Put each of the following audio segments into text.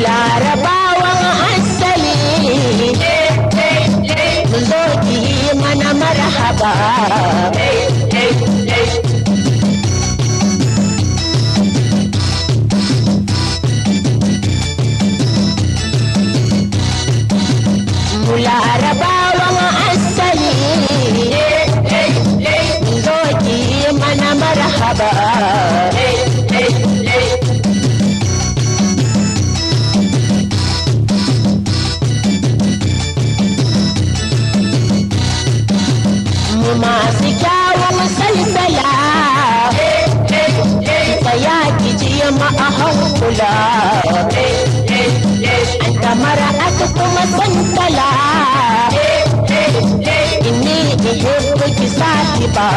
larabawan hankali zo ki mana marhaba mu laraba masu kyawun salsala tsaya ki ji ma a hankula kamar aka kuma santala inni ihe kuki sati ba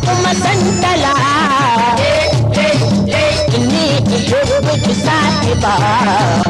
kuma santala ni ki ba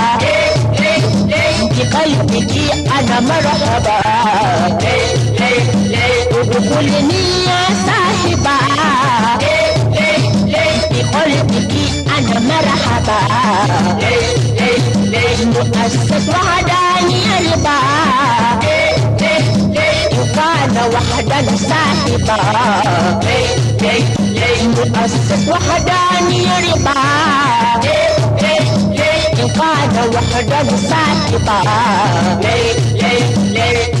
قلبك انا مرحبا ادخلني يا صاحبة بقلبك انا مرحبا مؤسس وحداني ربا وانا وحدنا صاحبة مؤسس وحداني ربا وحده ساعة طعام ليه ليه ليه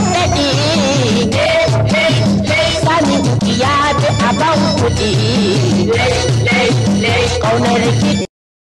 ley, ley, ley con el